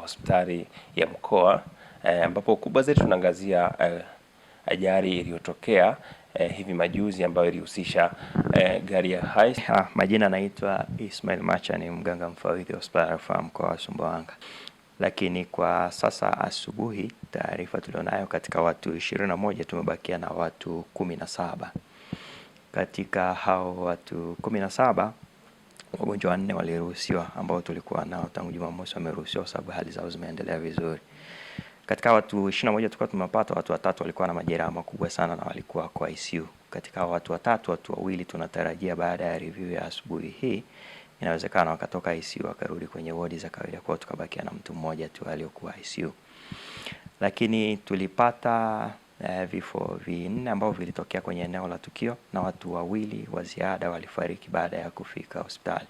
hospitali ya mkoa eh, ambapo kubwa zetu tunaangazia eh, ajali iliyotokea eh, hivi majuzi ambayo ilihusisha eh, gari ya Hiace. Ah, ha, majina anaitwa Ismail Macha, ni mganga mfawidhi wa hospitali ya rufaa mkoa wa Sumbawanga. Lakini kwa sasa asubuhi, taarifa tulionayo katika watu ishirini na moja tumebakia na watu kumi na saba. Katika hao watu kumi na saba wagonjwa wanne waliruhusiwa ambao tulikuwa nao tangu Jumamosi wameruhusiwa kwa sababu hali zao zimeendelea vizuri. Katika watu 21 tulikuwa tumepata watu watatu walikuwa na majeraha makubwa sana na walikuwa kwa ICU. Katika watu watatu, watu wawili tunatarajia baada ya review ya asubuhi hii inawezekana wakatoka ICU wakarudi kwenye wodi za kawaida, kwa tukabakia na mtu mmoja tu aliyokuwa ICU, lakini tulipata eh, vifo vinne ambavyo vilitokea kwenye eneo la tukio na watu wawili wa ziada walifariki baada ya kufika hospitali.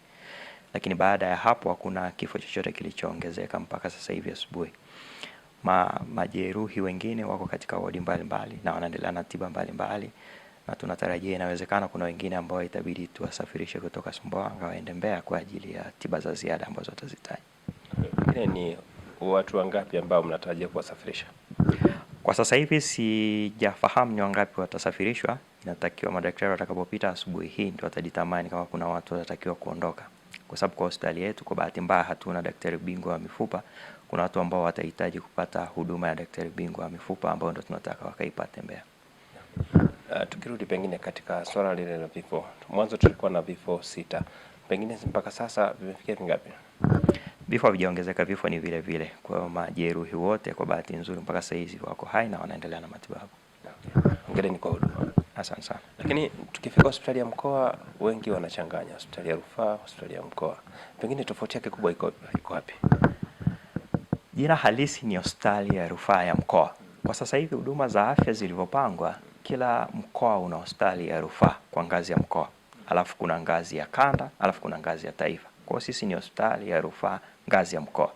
Lakini baada ya hapo hakuna kifo chochote kilichoongezeka mpaka sasa hivi asubuhi. Ma, majeruhi wengine wako katika wodi mbalimbali na wanaendelea na tiba mbalimbali, na tunatarajia inawezekana kuna wengine ambao itabidi tuwasafirishe kutoka Sumbawanga waende Mbeya kwa ajili ya tiba za ziada ambazo watazihitaji. Ni watu wangapi ambao mnatarajia kuwasafirisha? Kwa sasa hivi sijafahamu ni wangapi watasafirishwa. Inatakiwa madaktari watakapopita asubuhi hii ndio watajitamani kama kuna watu watatakiwa kuondoka, kwa sababu kwa hospitali yetu kwa bahati mbaya hatuna daktari bingwa wa mifupa. Kuna watu ambao watahitaji kupata huduma ya daktari bingwa wa mifupa ambao ndio tunataka wakaipate Mbeya. Uh, tukirudi pengine katika swala lile la vifo, mwanzo tulikuwa na vifo sita, pengine mpaka sasa vimefikia vingapi? Vifo havijaongezeka, vifo ni vile vile. Kwa hiyo majeruhi wote kwa bahati nzuri mpaka sasa hizi wako hai na wanaendelea na matibabu. Hongereni kwa huduma. Asante sana. Lakini tukifika hospitali ya mkoa, wengi wanachanganya hospitali ya rufaa, hospitali ya mkoa, pengine tofauti yake kubwa iko iko wapi? Jina halisi ni hospitali ya rufaa ya mkoa. Kwa sasa hivi huduma za afya zilivyopangwa, kila mkoa una hospitali ya rufaa kwa ngazi ya mkoa, alafu kuna ngazi ya kanda, alafu kuna ngazi ya taifa. Kwa sisi ni hospitali ya rufaa ngazi ya mkoa,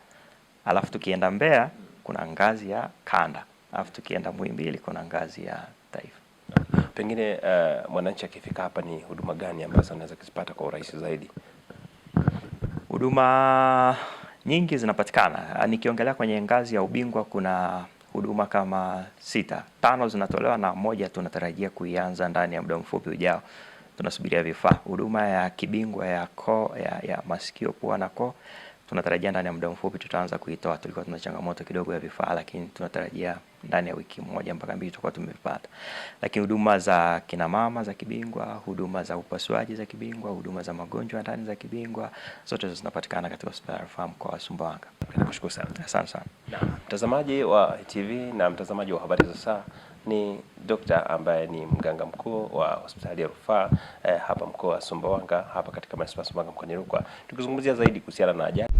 alafu tukienda Mbeya kuna ngazi ya kanda, alafu tukienda Muhimbili kuna ngazi ya taifa. Pengine uh, mwananchi akifika hapa ni huduma gani ambazo anaweza kuzipata kwa urahisi zaidi? Huduma nyingi zinapatikana. Ah, nikiongelea kwenye ngazi ya ubingwa kuna huduma kama sita, tano zinatolewa na moja tunatarajia kuianza ndani ya muda mfupi ujao tunasubiria vifaa. Huduma ya kibingwa ya koo ya, ya masikio, pua na koo tunatarajia ndani ya muda mfupi tutaanza kuitoa. Tulikuwa tuna changamoto kidogo ya vifaa, lakini tunatarajia ndani ya wiki moja mpaka mbili tutakuwa tumepata. Lakini huduma za kina mama za kibingwa, huduma za upasuaji za kibingwa, huduma za magonjwa ndani za kibingwa, zote hizo zinapatikana katika hospitali ya rufaa mkoa wa Sumbawanga. Nakushukuru sana, asante sana Na mtazamaji wa TV na mtazamaji wa habari za saa ni dokta ambaye ni mganga mkuu wa hospitali ya rufaa eh, hapa mkoa wa Sumbawanga hapa katika manispaa ya Sumbawanga mkoani Rukwa, tukizungumzia zaidi kuhusiana na ajali